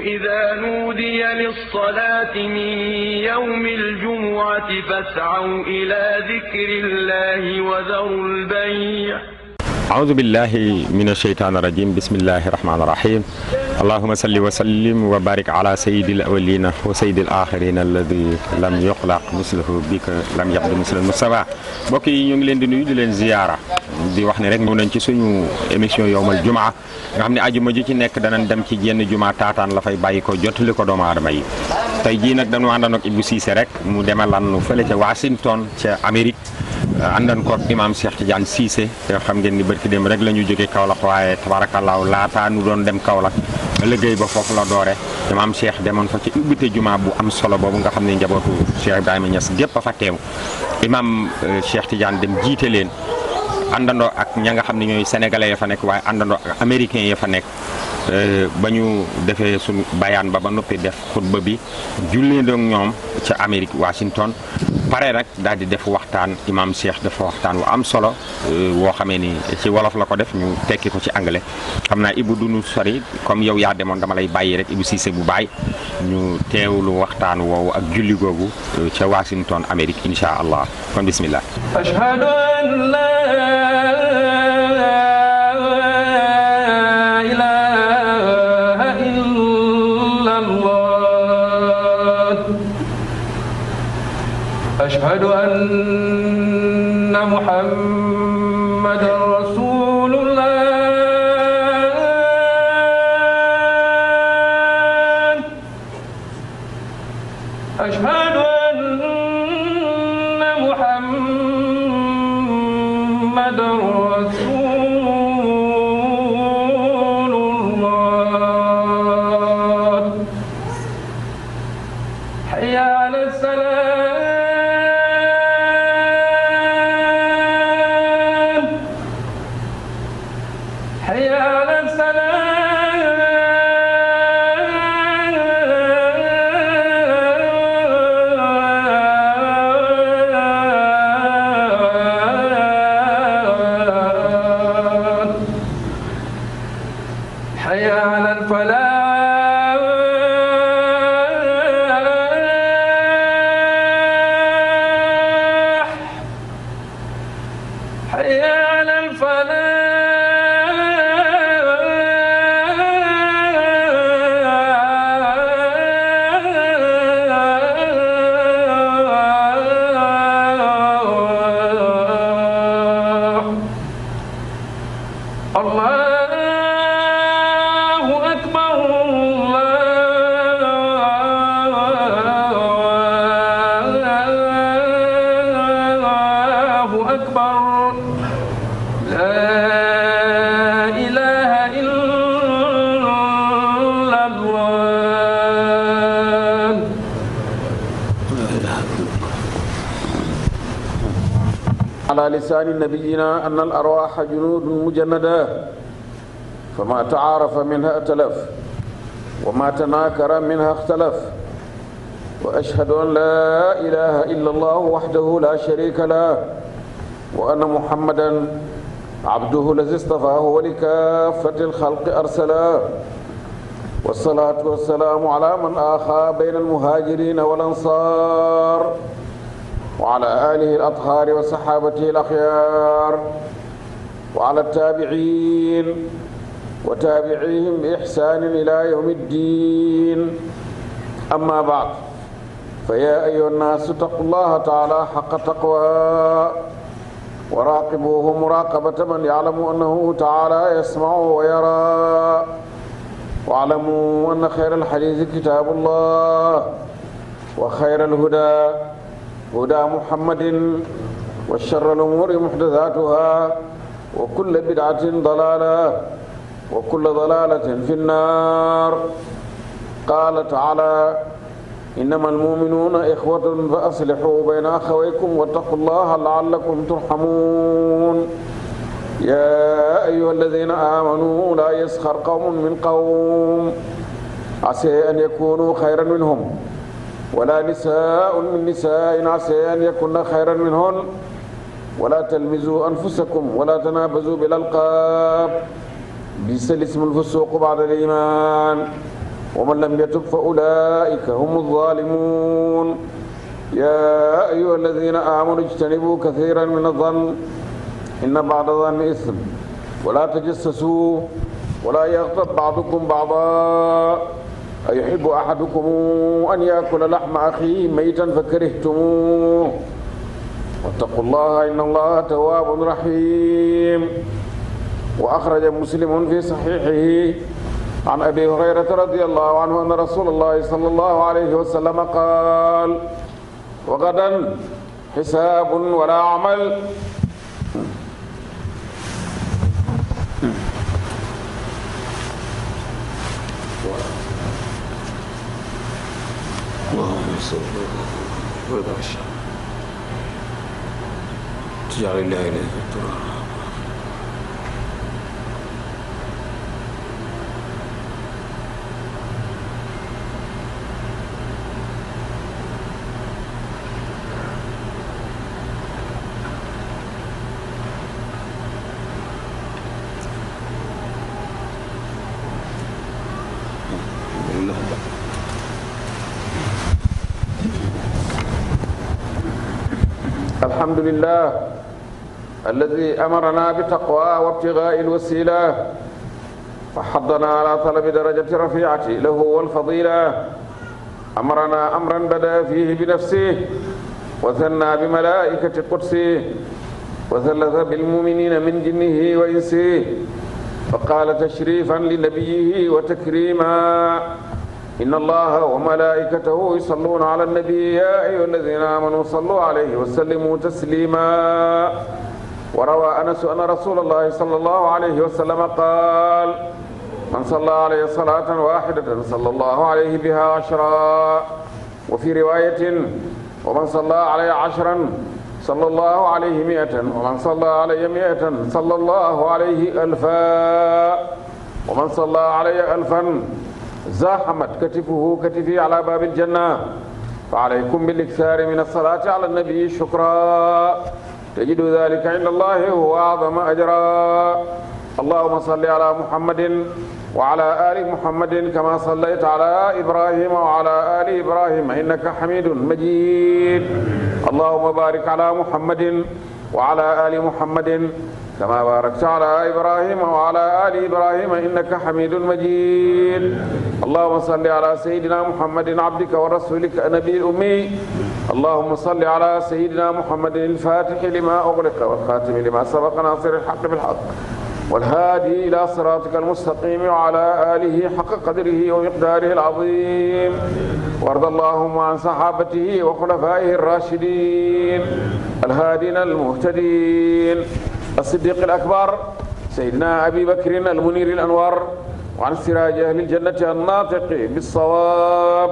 إذا نودي للصلاة من يوم الجمعة فاسعوا إلى ذكر الله وذروا البيع أعوذ بالله من الشيطان الرجيم بسم الله الرحمن الرحيم اللهم صل وسلم وبارك على سيد الأولين وسيد الآخرين الذي لم يقلق مثله بك لم يعد مثل المستوى mbokk yi ñu ngi leen di nuyu di leen ziyaara di wax ne rek ñëw nañ ci suñu émission yowmal jumaa nga xam ne ajuma ju ci nekk danañ dem ci jenn jumaa taataan la fay bàyyi ko jottali ko doomu aadama yi tey jii nag dañu àndoon ak Ibou Cissé rek mu demalaan nu fële ca Washington ca Amérique euh, àndoon ko ak imaam Cheikh Tidiane Cissé yoo xam ngeen ni barki dem rek la ñu jógee Kaolack waaye tabarakallaahu laataa nu doon dem Kaolack liggéey ba foofu la doore imaam Cheikh demoon fa ci ubbite jumaa bu am solo boobu nga xam ne njabootu Cheikh Ibrahima Niass gépp a fa teew imaam euh, Cheikh Tidiane dem jiite leen àndandoo ak ña nga xam ne ñooy sénégalais ya fa nekk waaye àndandoo américains ya fa nekk Euh, ba ñu defee su bayaan ba ba noppi def xutba bi jullee doog ñoom ca Amérique Washington pare rek daal di def waxtaan imaam Cheikh dafa waxtaan wu am solo euh, woo xamee ni ci wolof la ko def ñu tekki ko ci anglais xam naa Ibou dunu sori comme yow yaa demoon dama lay bàyyi rek Ibou Cissé bu baay ñu teewlu waxtaan woowu ak julli googu euh, ca Washington Amérique incha allah kon bismillah أشهد أن حي على الفلاح على لسان نبينا أن الأرواح جنود مجندة فما تعارف منها ائتلف وما تناكر منها اختلف وأشهد أن لا إله إلا الله وحده لا شريك له وأن محمدا عبده الذي اصطفاه ولكافة الخلق أرسلاه والصلاة والسلام على من آخى بين المهاجرين والأنصار وعلى آله الأطهار وصحابته الأخيار وعلى التابعين وتابعيهم بإحسان إلى يوم الدين أما بعد فيا أيها الناس اتقوا الله تعالى حق تقوى وراقبوه مراقبة من يعلم أنه تعالى يسمع ويرى واعلموا أن خير الحديث كتاب الله وخير الهدى هدى محمد وشر الأمور محدثاتها وكل بدعة ضلالة وكل ضلالة في النار قال تعالى إنما المؤمنون إخوة فأصلحوا بين أخويكم واتقوا الله لعلكم ترحمون يا أيها الذين آمنوا لا يسخر قوم من قوم عسى أن يكونوا خيرا منهم ولا نساء من نساء عسى أن يكن خيرا منهن ولا تلمزوا أنفسكم ولا تنابزوا بالألقاب بئس الاسم الفسوق بعد الإيمان ومن لم يتب فأولئك هم الظالمون يا أيها الذين آمنوا اجتنبوا كثيرا من الظن إن بعض الظن إثم ولا تجسسوا ولا يغتب بعضكم بعضا أيحب أحدكم أن يأكل لحم أخيه ميتا فكرهتموه واتقوا الله إن الله تواب رحيم وأخرج مسلم في صحيحه عن أبي هريرة رضي الله عنه أن رسول الله صلى الله عليه وسلم قال وغدا حساب ولا عمل الرسول ويضع الشعب تجعل الله إليه التراب لله الذي أمرنا بتقوى وابتغاء الوسيلة وحضنا على طلب درجة رفيعة له والفضيلة أمرنا أمرا بدا فيه بنفسه وثنى بملائكة قدسه وثلث بالمؤمنين من جنه وإنسه وقال تشريفا لنبيه وتكريما إن الله وملائكته يصلون على النبي يا أيها الذين آمنوا صلوا عليه وسلموا تسليما وروى أنس أن رسول الله صلى الله عليه وسلم قال من صلى عليه صلاة واحدة صلى الله عليه بها عشرا وفي رواية ومن صلى عليه عشرا صلى الله عليه مئة ومن صلى علي مئة صلى الله عليه ألفا ومن صلى علي ألفا zahamat katifuhu katifi ala babil janna fa alaykum bil ikthari min as-salati ala an-nabi shukra tajidu dhalika inda allahi huwa a'zama ajra allahumma salli ala muhammadin وعلى آل محمد كما صليت على إبراهيم وعلى آل إبراهيم إنك حميد مجيد اللهم بارك على محمد وعلى آل محمد كما باركت على إبراهيم وعلى آل إبراهيم إنك حميد مجيد اللهم صل على سيدنا محمد عبدك ورسولك النبي الأمي اللهم صل على سيدنا محمد الفاتح لما أغلق والخاتم لما سبق ناصر الحق بالحق والهادي إلى صراطك المستقيم وعلى آله حق قدره ومقداره العظيم وارض اللهم عن صحابته وخلفائه الراشدين الهادين المهتدين الصديق الأكبر سيدنا أبي بكر المنير الأنوار وعن سراج أهل الجنة الناطق بالصواب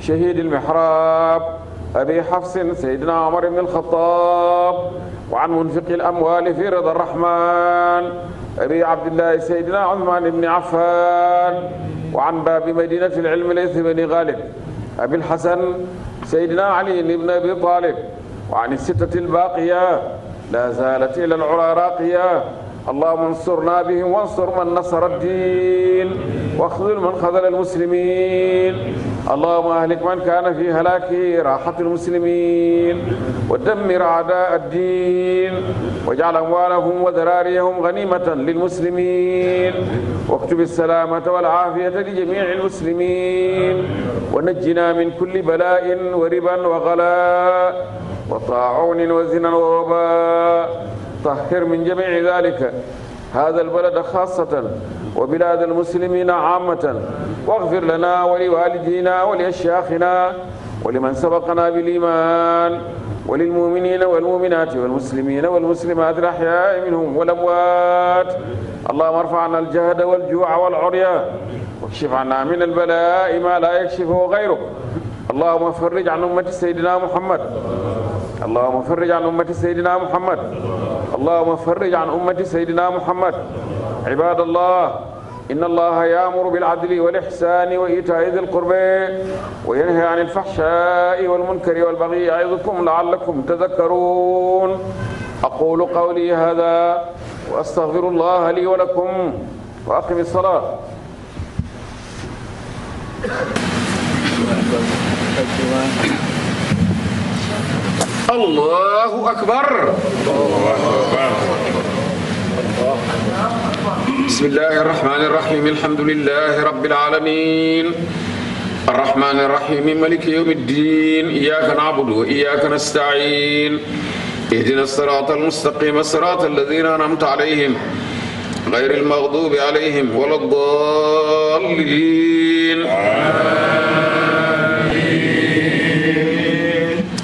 شهيد المحراب أبي حفص سيدنا عمر بن الخطاب وعن منفق الأموال في رضا الرحمن أبي عبد الله سيدنا عثمان بن عفان وعن باب مدينة العلم ليث بن غالب أبي الحسن سيدنا علي بن أبي طالب وعن الستة الباقية لا زالت إلى العلا راقية اللهم انصرنا بهم وانصر من نصر الدين واخذل من خذل المسلمين اللهم أهلك من كان في هلاك راحة المسلمين ودمر أعداء الدين واجعل أموالهم وذراريهم غنيمة للمسلمين واكتب السلامة والعافية لجميع المسلمين ونجنا من كل بلاء وربا وغلاء وطاعون وزنا ووباء طهر من جميع ذلك هذا البلد خاصة وبلاد المسلمين عامة واغفر لنا ولوالدينا ولأشياخنا ولمن سبقنا بالإيمان وللمؤمنين والمؤمنات والمسلمين والمسلمات الأحياء منهم والأموات اللهم ارفع عنا الجهد والجوع والعريان واكشف عنا من البلاء ما لا يكشفه غيره اللهم فرج عن أمة سيدنا محمد اللهم فرج عن أمة سيدنا محمد اللهم فرج عن أمة سيدنا محمد عباد الله إن الله يأمر بالعدل والإحسان وإيتاء ذي القربى وينهى عن الفحشاء والمنكر والبغي يعظكم لعلكم تذكرون أقول قولي هذا وأستغفر الله لي ولكم وأقم الصلاة Thank you. allahu akbar bismillahi arrahmani irrahim alhamdulilahi rabilalamin arrahmani irrahimi maliki yawmi ddin iyaka nabudu wa iyaka nastain اهدنا الصراط المستقيم صراط الذين أنعمت عليهم غير المغضوب عليهم ولا الضالين آمين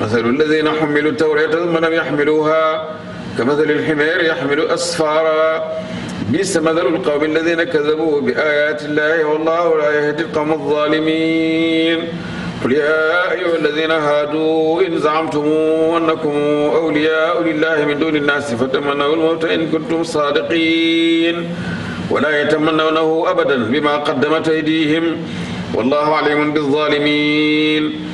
مثل الذين حملوا التوراة ثم لم يحملوها كمثل الحمير يحمل أسفارا بئس مثل القوم الذين كذبوا بآيات الله والله لا يهدي القوم الظالمين قل يا أيها الذين هادوا إن زعمتم أنكم أولياء لله من دون الناس فتمنوا الموت إن كنتم صادقين ولا يتمنونه أبدا بما قدمت أيديهم والله عليم بالظالمين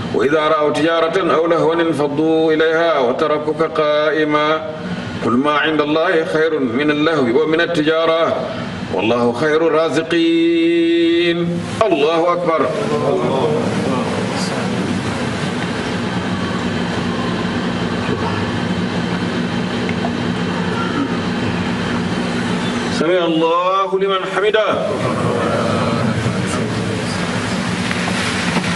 wa ida raaw tijaratan aw lahwan infaduu ilayha wa tarakuka qaa'ima qul maa inda allahi xayrun min allahwi wa min altijara wallahu xayru raziqin allahu akbar sami allahu liman hamidah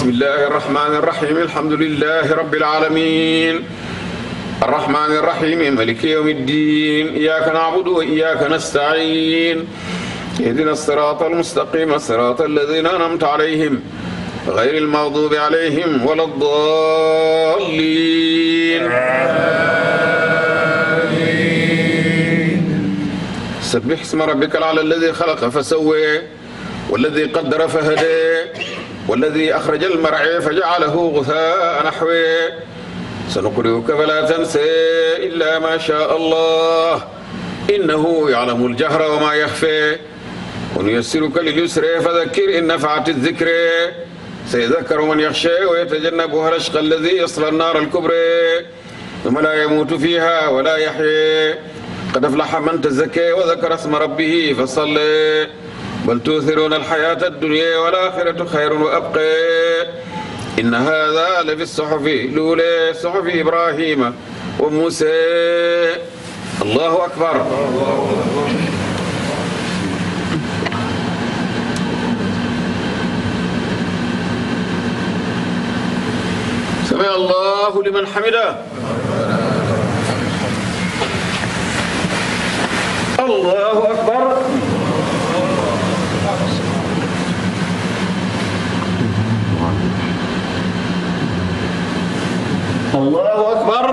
بسم الله الرحمن الرحيم الحمد لله رب العالمين الرحمن الرحيم ملك يوم الدين إياك نعبد وإياك نستعين اهدنا الصراط المستقيم صراط الذين أنعمت عليهم غير المغضوب عليهم ولا الضالين سبح اسم ربك الأعلى الذي خلق فسوى والذي قدر فهدى والذي أخرج المرعى فجعله غثاء نحوه سنقرئك فلا تنسى إلا ما شاء الله إنه يعلم الجهر وما يخفي ونيسرك لليسر فذكر إن نفعت الذكر سيذكر من يخشى ويتجنبها الأشقى الذي يصلى النار الكبرى ثم لا يموت فيها ولا يحيى قد أفلح من تزكى وذكر اسم ربه فصلي بل تؤثرون الحياة الدنيا والآخرة خير وأبقى إن هذا لفي الصحف الأولى صحف إبراهيم وموسى الله أكبر سمع الله لمن حمده الله أكبر Allahu Akbar.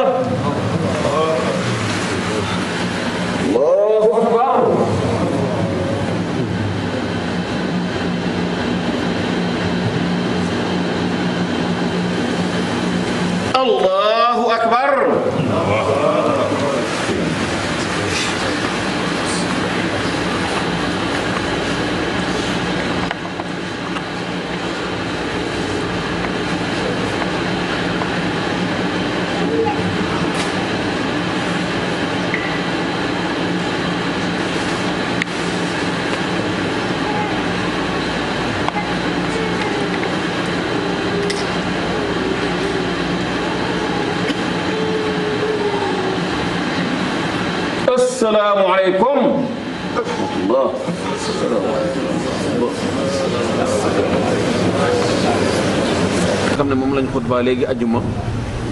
lañ xutba léegi ajuma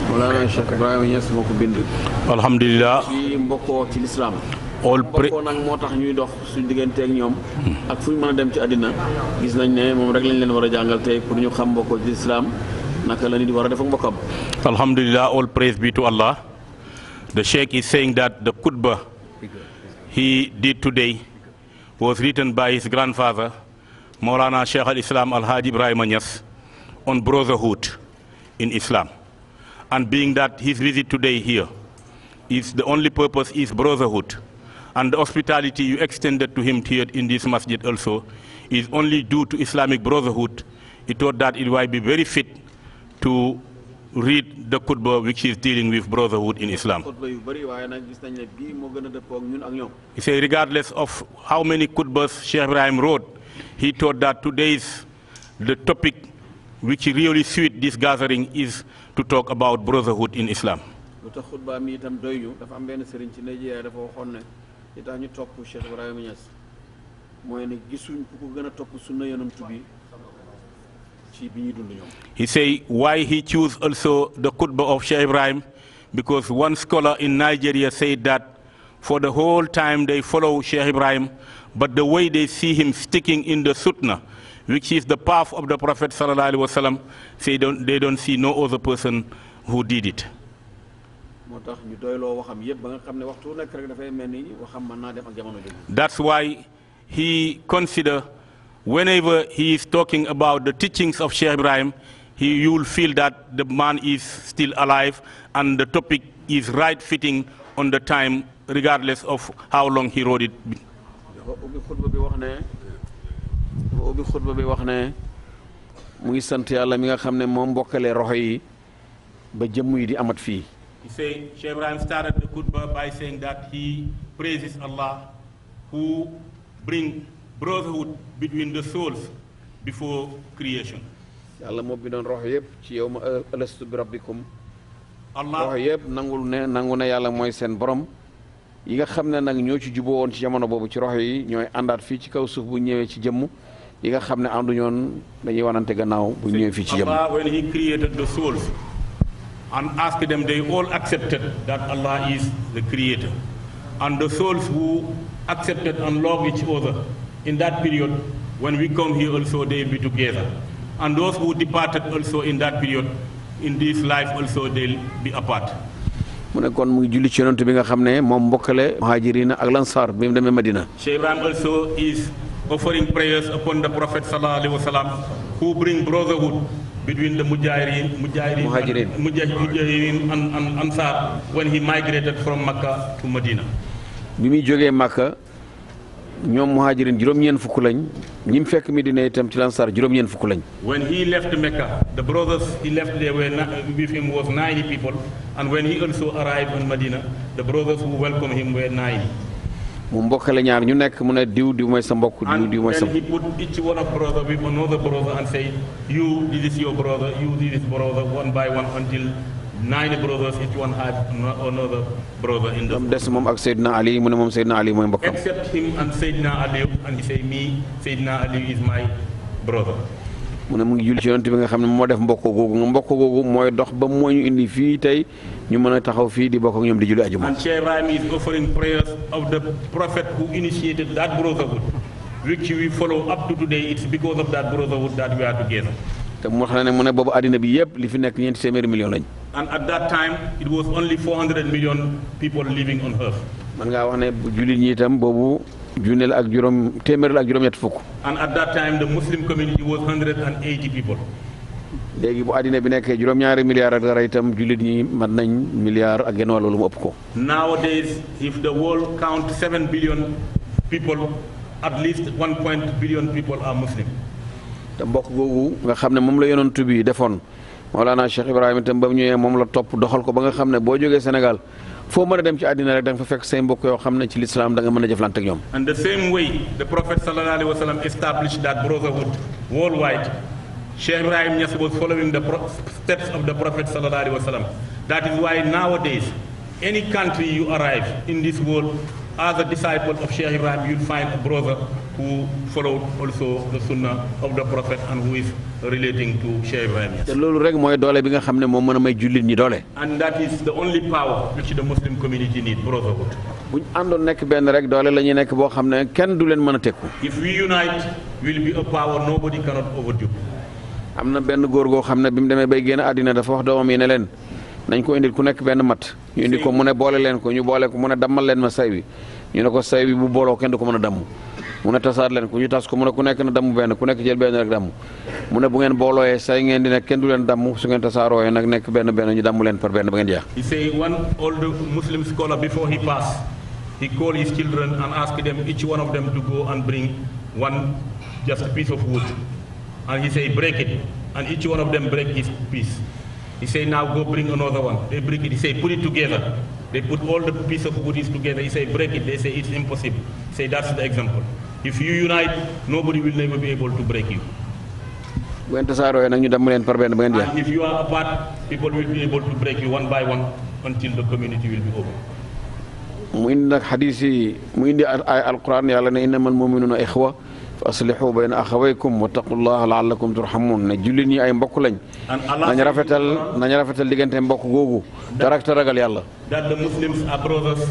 Mawlana Cheikh Ibrahima Niass moo ko bind. alhamdulilah ci mbokkoo ci lislaam all pré mbokkoo moo tax ñuy dox suñu diggante ak ñoom. ak fu ñu dem ci àddina gis nañ ne moom rek lañ leen war a jàngal tey pour ñu xam mbokkoo naka la nit war a def ak alhamdulilah all praise be to Allah. The Sheikh is saying that the khutbah he did today was written by his grandfather Mawlana Sheikh al-Islam Al-Hajj Ibrahim Niass on brotherhood. in Islam. And being that his visit today here is the only purpose is brotherhood, and the hospitality you extended to him here in this masjid also is only due to Islamic brotherhood, he thought that it might be very fit to read the khutbah which is dealing with brotherhood in Islam. He regardless of how many khutbahs Sheikh Ibrahim wrote, he thought that today's topic which really suit this gathering is to talk about brotherhood in Islam. lu tax xutba mi itam doy ñu dafa am benn sëriñ ci Nigeria dafa waxoon ne li tax ñu topp Cheikh Ibrahima Niass mooy ne gisuñ ku ko gën topp sunna yonent bi ci bi ñuy dund ñoom. he say why he choose also the khutba of Cheikh Ibrahim because one scholar in Nigeria said that for the whole time they follow Cheikh Ibrahim but the way they see him sticking in the sunnah which is the path of the Prophet sallallahu alaihi they don't see no other person who did it. moo tax ñu doyloo waxam yëpp ba nga ne waxtu nekk rek mel ni waxam mën naa def ak jamono ji. That's why he consider whenever he is talking about the teachings of Sheikh Ibrahim he you will feel that the man is still alive and the topic is right fitting on the time regardless of how long he wrote it. ubbi xutba bi wax ne mu ngi sant yàlla mi nga xam ne moom mbokkalee roxo yi ba jëmm yi di amat fii. He said, Sheikh Ibrahim started the khutbah by saying that he praises Allah who bring brotherhood between the souls before creation. yàlla yëpp ci yow ma uh, alastu bi rabbikum allah rox yëpp nangul ne nangu ne yàlla mooy seen borom yi nga xam ne nag ñoo ci juboo woon ci jamono boobu ci roxo yi ñooy àndaat fii ci kaw suuf bu ñëwee ci jëmm yi nga xam ne ànduñoon dañuy wanante gannaaw bu ñëwee fii ci jamono. Allah when he created the souls and asked them they all accepted that Allah is the creator and the souls who accepted and loved each other in that period when we come here also they be together and those who departed also in that period in this life also they be apart. mu ne kon mu ngi julli ci yonent bi nga xam ne moom mbokkale muhajirina ak lansaar bi mu demee Madina. Shayban also is. offering prayers upon the Prophet wasalam, who bring brotherhood between the Mujahirin, Mujahirin, Muhajirin. And, Mujahirin and, and Ansar when he migrated from Makkah to Medina. bi muy jógee Makka ñoom muhajirin juróom-ñeent fukk lañ ñi mu fekk Medina itam ci lansaar juróom-ñeent fukk lañ. when he left Mecca the brothers he left there with him was 90 people and when he also arrived in the brothers who welcomed him were 90. mu mbokkale ñaar ñu nekk mu ne diw diw mooy sa mbokk diw diw mooy sa mbokk. and then he put each one of brother with another brother and say you this is your brother you this is brother one by one until nine brothers each one had another brother in the. des moom ak Seydina Ali mu ne moom Seydina Ali mooy mbokkam. except him and Seydina Ali and he say me Seydina Ali is my brother. mu ne mu ngi jul ci yonent bi nga xam ne moo def mbokk googu mbokk googu mooy dox ba moo ñu indi fii tey. ñu mën a taxaw fii di bokk ak ñoom di julli ajuma. And Chairam is offering prayers of the prophet who initiated that brotherhood, which we follow up to today. It's because of that brotherhood that we are together. te mu wax na ne mu ne boobu àddina bi yëpp li fi nekk ñeenti téeméeri million lañ. And at that time it was only 400 million people living on earth. man ngaa wax ne jullit ñi itam boobu. junne la ak juróom téeméer la ak juróom-ñett fukk. And at that time the Muslim community was léegi bu àddina bi nekkee juróom-ñaari milliards ak dara itam jullit ñi mat nañ milliards ak genn wàll lu mu ëpp ko. nowadays if the world count seven billion people at least one point billion people are muslim. te mbokk googu nga xam ne moom la yonent bi defoon Mawlana Cheikh Ibrahima itam ba mu ñëwee moom la topp doxal ko ba nga xam ne boo jógee Sénégal foo mën a dem ci àddina rek da fa fekk say mbokk yoo xam ne ci lislaam da nga mën a jëflante ak ñoom. and the same way the Sheikh Ibrahim Niass was following the steps of the Prophet sallallahu alaihi wasallam. That is why nowadays, any country you arrive in this world, as a disciple of Sheikh Ibrahim, you'll find a brother who followed also the sunnah of the Prophet and who is relating to Sheikh Ibrahim Niass. te loolu rek mooy doole bi nga xam ne moom mën a may jullit ñi doole. and that is the only power which the Muslim community need brotherhood. bu ñu àndoon nekk benn rek doole la ñuy nekk boo xam ne kenn du leen mën a tekku. if we unite, we'll be a am na benn góor goo xam ne bi mu demee bay génn àddina dafa wax doomam yi ne leen nañ ko indil ku nekk benn mat ñu indi ko mu ne boole leen ko ñu boole ko mu ne dammal leen ma say bi ñu ne ko say bu booloo kenn ko mën a damm mu ne tasaat leen ku ñu tas ko mu ne ku nekk na damm benn ku nekk jël benn rek damm mu ne bu ngeen boolooyee say ngeen di nekk kenn du leen damm su ngeen tasaarooyee nag nekk benn benn ñu damm leen par benn ba ngeen jeex. he say one old Muslim scholar before he passed he called his children and asked them each one of them to go And he said, break it. And each one of them break his piece. He said, now go bring another one. They break it. He said, put it together. They put all the piece of wood together. He said, say, it's impossible. the example. If you unite, nobody will never be able to break you. And if you are apart, people will be able to break you one by one until the community will be over. mu indi nag xadis yi mu indi ay alquran yàlla ne innamal fa aslihu bayna axawaykum wattaqullaha laallakum turhamun ne jullit ñi ay mbokk lañ nañ rafetal nañ rafetal diggante mbokk googu te rak ragal yàlla that the Muslims are brothers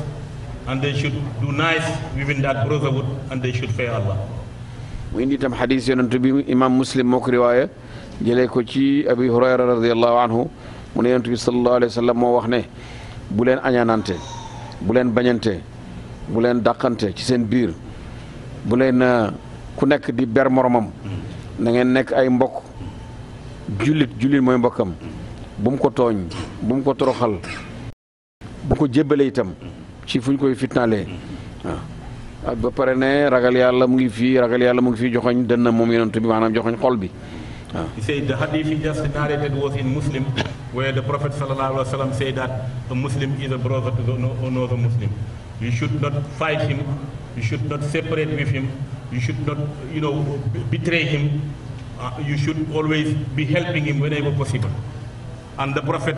mu indi itam xadis yonent bi imam muslim moo ko riwaaya jëlee ko ci abi hurayra radiallahu anhu mu ne yonent bi sallallahu alayhi moo wax ne bu leen añaanante bu leen bañante bu leen daqante ci seen biir bu leen ku nekk di ber moroomam na ngeen nekk ay mbokk jullit jullit mooy mbokkam bu mu ko tooñ bu mu ko toroxal bu ko jébbale itam ci fu ñu koy fitnaalee ak ah, ba pare ne ragal yàlla mu ngi fii ragal yàlla mu ngi fii joxoñ dënn moom yonent bi maanaam joxoñ xol bi waaw said the hadith he just narrated was in Muslim where the Prophet sallallahu a Muslim is a brother not fight him You should not separate with him. You should not, you know, betray him. Uh, you should always be helping him whenever possible. And the Prophet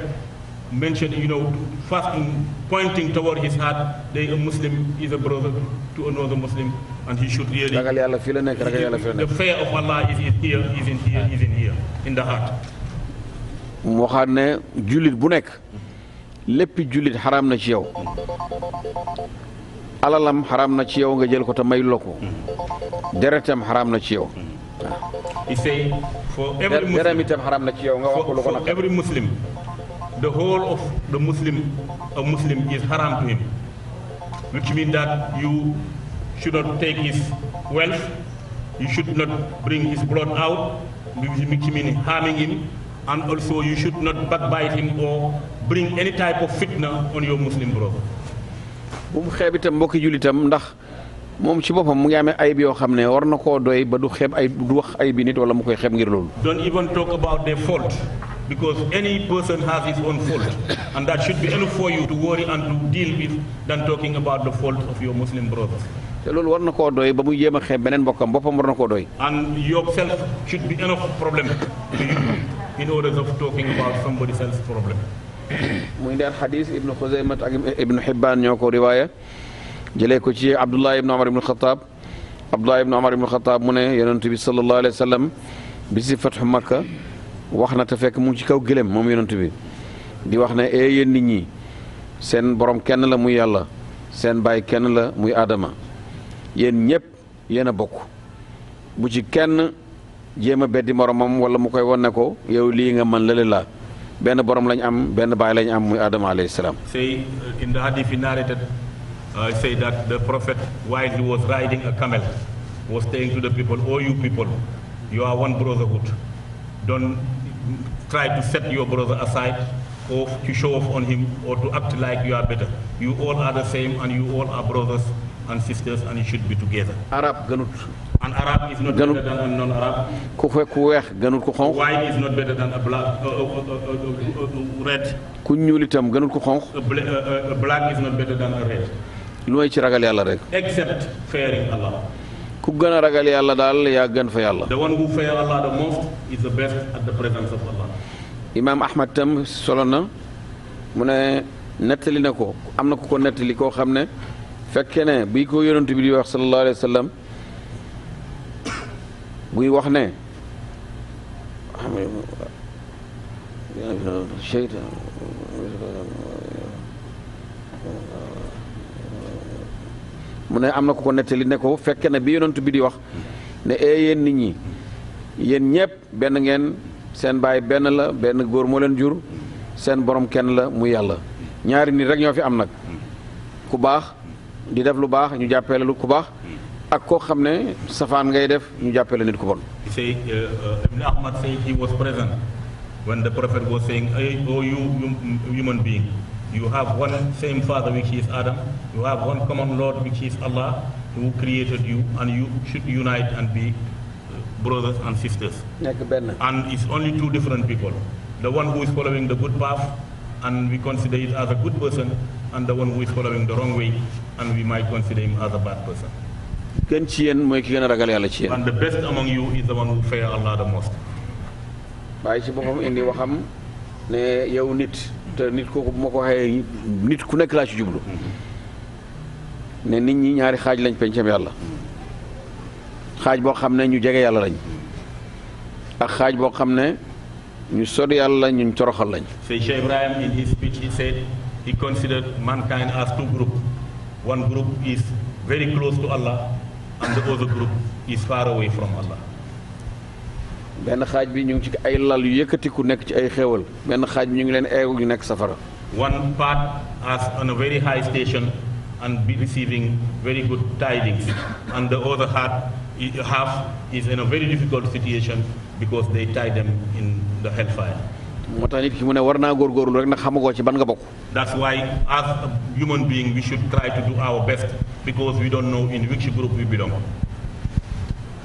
mentioned, you know, first in pointing toward his heart, that a Muslim is a brother to another Muslim, and he should really. The fear of Allah is in here, is in here, is in here, in the heart. mu waxaat ne jullit bu nekk léppi jullit xaraam na ci yow alalam xaraam na ci yow nga jël ko te may loo ko mm. deretam na ci yow mm. ah. he say for every Muslim for, for every Muslim the whole of the Muslim a Muslim is haram to him which means that you should not take his wealth you should not bring his blood out which means harming him and also you should not backbite him or bring any type of fitna on your Muslim brother bu mu xeeb itam mbokki jullitam ndax moom ci boppam mu ngi amee ayib yoo xam ne war na koo doy ba du xeeb ay du wax ayib bi nit wala mu koy xeeb ngir loolu. don't even talk about their fault because any person has his own fault and that should be enough for you to worry and to deal with than talking about the te loolu war na koo doy ba mu jéem a xeeb beneen mbokkam boppam war na koo doy. and yourself should be enough problem to you in order of talking mu indi at xadis ibnu xuzaymat ak ibnu xibbaan ñoo ko riwaaya jëlee ko ci abdullah ibnu omar ibnu xataab abdullah ibnu omar ibnu xataab mu ne yonent bi sallallahu alayhi bi si fatxu makka wax na te fekk mu ci kaw gëlëm moom yonent bi di wax ne ee yéen nit ñi seen boroom kenn la muy yàlla seen baay kenn la muy aadama yéen ñëpp yéen a bokk bu ci kenn jéem a beddi moromam wala mu koy wan ne ko yow lii nga man lële laa benn borom lañ am benn baay lañu am muy Adama alayhi salaam. Uh, in the hadith in narrated uh, say that the prophet while he was riding a camel was saying to the people all oh, you people you are one brotherhood don't try to set your brother aside to show off him or to act like you are better you all the same and you all are brothers and sisters and you should be together. arab gënut. a non-Arab. ku fekk ku weex gënul ku xonq. White ci ragal yàlla rek. ku gën a ragal yàlla daal yaa gën fa yàlla. the imaam Ahmad tam solo na mu ne nettali na ko am na ku ko nettali koo xam ne fekkee ne bii ko yonent bi di wax sallallahu alayhi buy wax ne xam mu ne am na ku ko nettali ne ko fekke na bi yonent bi di wax ne ee yéen nit ñi yéen ñëpp benn ngeen seen baay benn la benn góor moo leen jur seen borom kenn la mu yàlla ñaari nit rek ñoo fi am nag ku baax di def lu baax ñu jàppee lu ku baax ak koo xam ne safaan ngay def ñu jàppee la nit ku bon. say uh, uh, Ibn Ahmad say he was present when the prophet was saying hey oh you human being you have one same father which is Adam you have one common lord which is Allah who created you and you should unite and be uh, brothers and sisters. nekk benn. and it's only two different people the one who is following the good path and we consider it as a good person and the one who is following the wrong way and we might gën ci yéen mooy ki gën a ragal yàlla ci yéen. and waaye ci boppam indi waxam ne yow nit te nit kooku bu ma ko waxee nit ku nekk laa ci jublu ne nit ñi ñaari xaaj lañ pencam yàlla xaaj boo xam ne ñu jege yàlla lañ ak xaaj boo xam ne ñu sori yàlla ñu toroxal lañ. Say Cheikh Ibrahim in his speech he said he considered mankind as two groups. One group is very close to Allah. am the other group is far away from Allah. benn xaaj bi ñu ngi ci ay lal yu yëkkatiku nekk ci ay xéewal benn xaaj bi ñu ngi leen eewu ñu nekk safara. one part as on a very high station and be receiving very good tidings and the other half half is in a very difficult situation because they tie them in the hellfire. moo tax nit ki mu ne war naa góorgóorlu rek ndax xamagoo ci ban nga bokk. that's a human being we should try to do our best because we don't know in which group we belong.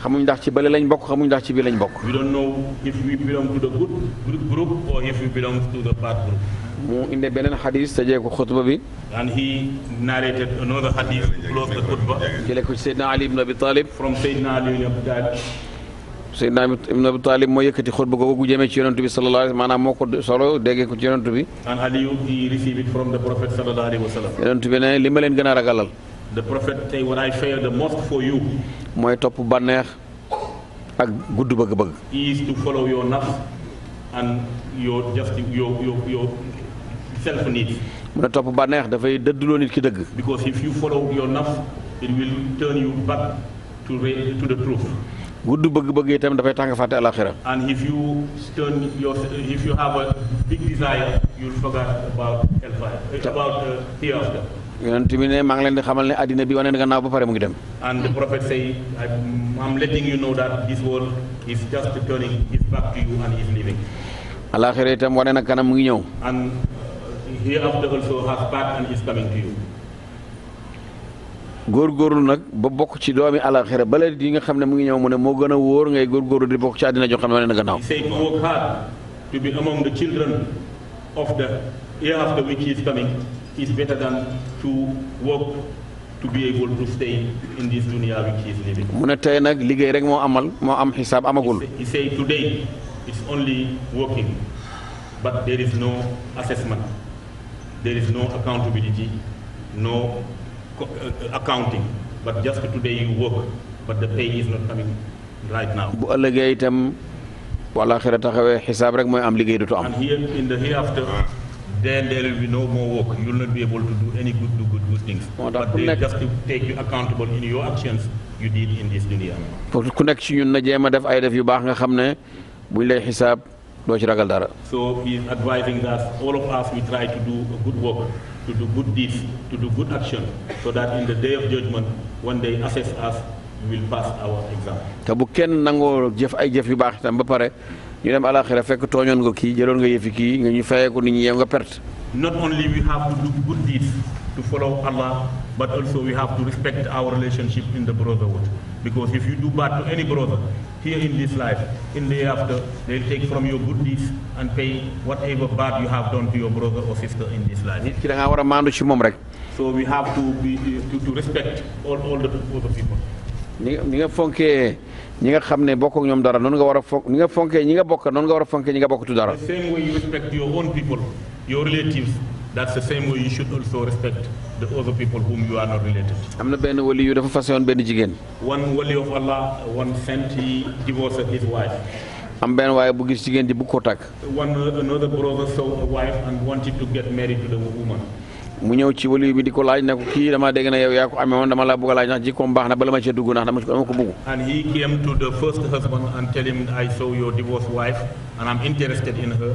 xamuñ ndax ci bële lañ bokk xamuñ ndax ci bii lañ bokk. we don't know if we belong to the good group or if we belong to the bad group. mu indi beneen xadis tajee ko xutba bi. and he narrated another hadith close the ko ci Seydina Ali ibn Abi Talib. from Ali Seydina Ibn Abi Talib moo yëkkati xutba googu gu jëmee ci yonentu bi sallallahu alayhi wa sallam maanaam moo ko solo déggee ko ci yonentu bi. an Aliyu he received it from the li ma leen gën a ragalal. the Prophet say mooy topp bànneex ak gudd bëgg-bëgg. is to follow your nafs and your just your your your self need. mu ne topp bànneex dafay dëdduloo nit ki dëgg. because if you follow your nafs it will turn you back to the to gudd bëgg-bëgg itam dafay tàng nga fàtte alaxira and if you a big desire you'll forget about maa ngi leen di xamal ne àddina bi wane na gannaaw ba pare mu ngi dem. and the prophet say I'm letting you know that this world is just turning wane na kanam mu ngi ñëw. and uh, góor góorgóorlu nag ba bokk ci doomi alaxira bala yi nga xam ne mu ngi ñëw mu ne moo gën a wóor ngay góorgóorlu di bokk ci àddina joo na gannaaw. He said work hard to be among the children of the hereafter mu ne tey nag liggéey rek moo amal moo am xisaab amagul. He said today it's only working Euh, accounting but just today you work but the pay is not coming right now. bu ëllëgee itam wala xira taxawee xisaab rek mooy am liggéey du to am. and here in the hereafter then there will be no more work you will not pour ku nekk ci na jéem a def ay def yu baax nga xam ne buñ lay xisaab doo ci ragal dara. so he is advising us all of us we try to do a good work. to do good deeds, to do so that in the day of judgment, when they assess us, we te bu kenn nangoo jëf ay jëf yu baax itam ba pare ñu dem alaxira fekk tooñoon nga kii jëloon nga yëfi kii nga ñu fayee ko nit ñu yow nga perte. not only we have to do good deeds to follow Allah but also we have to respect our relationship in the brotherhood. Because do bad to any brother here in this life, in the after, they'll take from your good deeds and pay ki da war a moom rek. So we have to be to, to respect all all the, all the people. ni nga fonkee ñi nga xam ne bokk ak ñoom dara noonu nga war a fonk ni nga fonkee ñi nga bokk noonu nga war a fonkee ñi nga bokkutu dara. The same way you respect your own people, your relatives, the other people whom you are not related. am na benn wali yu dafa fase woon benn jigéen. one wali of Allah one saint he divorced am benn waaye bu gis jigéen ji bu ko tàkk. one another brother saw a wife and wanted to get married to the woman. mu ñëw ci waliyu bi di ko laaj ne ko kii dama dégg na yow yaa ko amee woon dama la bëgg a laaj ndax jikkoom baax na bala ma cee dugg ndax dama ko bëgg. and he came to the first husband and tell him I saw your divorced wife and I'm interested in her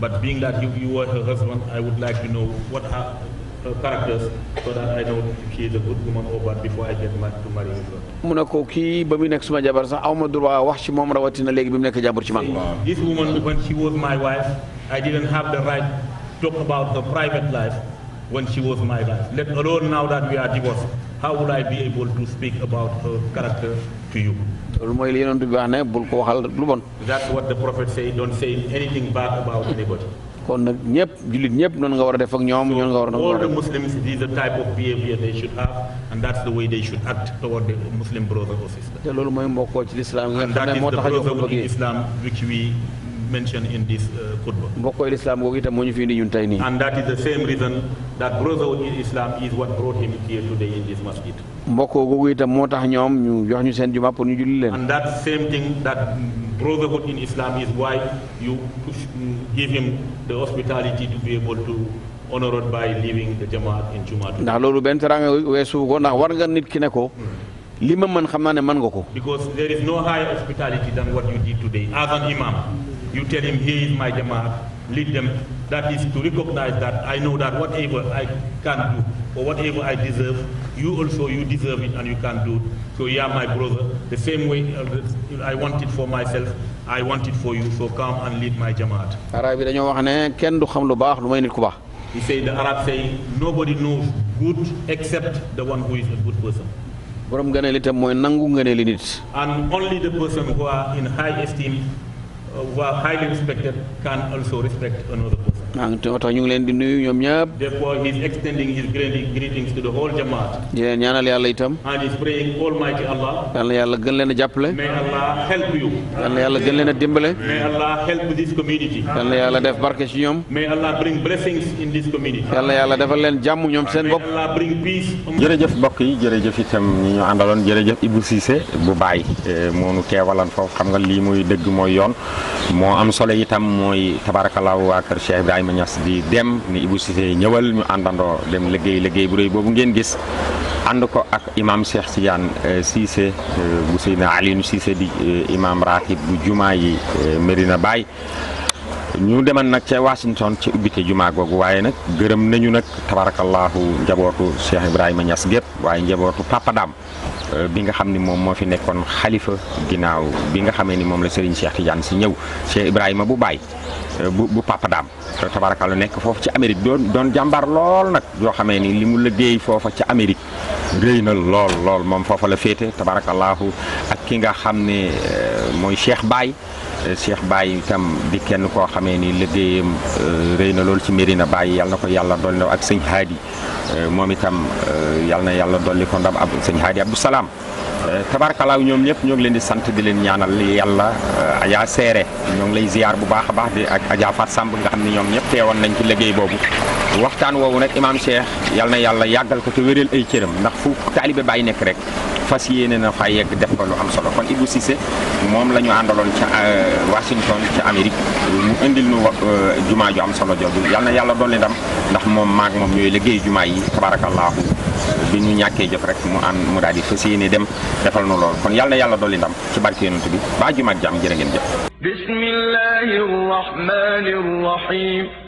but being that you, you were her husband I would like to know what her Euh, characters so that I know she a good woman ko kii ba muy nekk suma jabar sax aw ma droit wax ci moom rawatina léegi bi nekk jàmbur ci man. this woman when she was my wife I didn't have the right to talk about her private life when she was my wife let alone now I be able to mooy li yonent bi wax ne bul ko waxal lu bon. that's what the prophet say don't say anything bad about anybody. kon nag ñëpp jullit ñëpp noonu nga war a def ak ñoom ñoom nga war a. all the Muslim te loolu mooy mbokkoo ci lislaam nga xam ne moo tax a jox ko bëggee Islam which we mention in this uh, lislaam googu itam moo ñu fi indi ñun tey nii. and that is the same reason that brotherhood in Islam is mbokkoo googu itam moo tax ñoom ñu jox ñu seen juma pour ñu julli leen. brotherhood in Islam is why you mm, give him the hospitality to be able to honor it by leaving the jamaat in Jumaat. ndax loolu benn teraanga weesu ko ndax war nga nit ki ne ko. li ma mën xam naa ne mën nga ko. because there is no higher hospitality than what you did today as imam you tell him here is my jamaat. lead them. That is to recognize that I know that whatever I can do or whatever I deserve, you also, you deserve it and you can do it. So you are my brother. The same way uh, I want it for myself, I want it for you. So come and lead my jamaat. Arab yi dañoo wax ne kenn du xam lu baax lu may nit ku baax. He say the Arab say nobody knows good except the one who is a good person. borom ngëneel itam mooy nangu ngëneel li nit. and only the person who are in high esteem. while highly respected can also respect another person. Ah, moo ñu ngi leen di nuyu ñoom ñëpp. therefore he di leen ñaanal yàlla itam. and he is praying yàlla gën leen jàppale. may yàlla gën leen a dimbale. may Allah help yàlla def barke ci ñoom. may Allah bring blessings in this community. yal yàlla defal leen jàmm ñoom seen bopp. may Allah bring peace. jërëjëf mbokk yi jërëjëf itam ñi ñu àndaloon jërëjëf Ibou Cissé bu Baye. Eh, moo nu teewalan foofu xam nga lii muy dëgg mooy yoon moo am solo itam mooy tabaarakalaaw waa kër Cheikh Ibrahima Niass di dem ni Ibou Cissé ñëwal ñu àndandoo dem liggéey liggéey bu réy boobu ngeen gis ànd ko ak imaam Cheikh Tidiane euh, Cissé euh, bu Seydina Alioune Cissé di euh, imaam raatib bu jumaa yi Medina Baye ñu demal nag ca Washington ci ubbite jumaa googu waaye nag gërëm nañu nag tabarakallahu njabootu Cheikh Ibrahima Niass gépp waaye njabootu Papa euh, bi nga xam ni moom moo fi nekkoon xalifa ginnaaw bi nga xamee ni moom la Serigne Cheikh Tidiane si ñëw Cheikh Ibrahima bu baay euh, bu bu Papa Dame te tabarakallu nekk foofu ci Amérique doon doon lool nag yoo xamee ni li mu liggéey foofa ci Amérique rëy na lool lool moom foofa la féete tabarakallahu ak ki nga xam ne euh, mooy Cheikh Baye Cheikh Baye itam di kenn koo xamee ni liggéeyam euh, rëy na loolu ci Médina Baye yal na ko yàlla dolli na ak sëñ Haadi euh, moom itam euh, yal na yàlla dolli ko ndam ab sëñ Haadi Abdou Salaam Eh, tabarkalaaw ñoom ñëpp ñoo ngi leen di sant di leen ñaanal yàlla eh, ajaa seere ñoo ngi lay ziar bu baax a baax di ak ajaa Fat Samb nga xam ne ñoom ñëpp teewoon nañ ci liggéey boobu waxtaan woowu nag imaam Cheikh yàlla yàggal ko te wéréel ay cëram ndax fu taalibe bàyyi nekk rek fas yéene na faa yegg def ko lu am solo kon Ibou Cissé moom la ñu àndaloon ca eh, Washington ca Amérique mu indil nu jumaa ju am solo jooju yal na yàlla dolli ndam ndax moom maag moom ñooy liggéey jumaa yi tabaarakallaahu bi ñu ñàkkee jot rek mu ànd mu daal di fas yéene dem defal nu lool kon yàlla na yàlla dolli ndam ci barke yonent bi ba àjjuma ak jàmm jërë ngeen jëf. bismillahi rahmani rahim.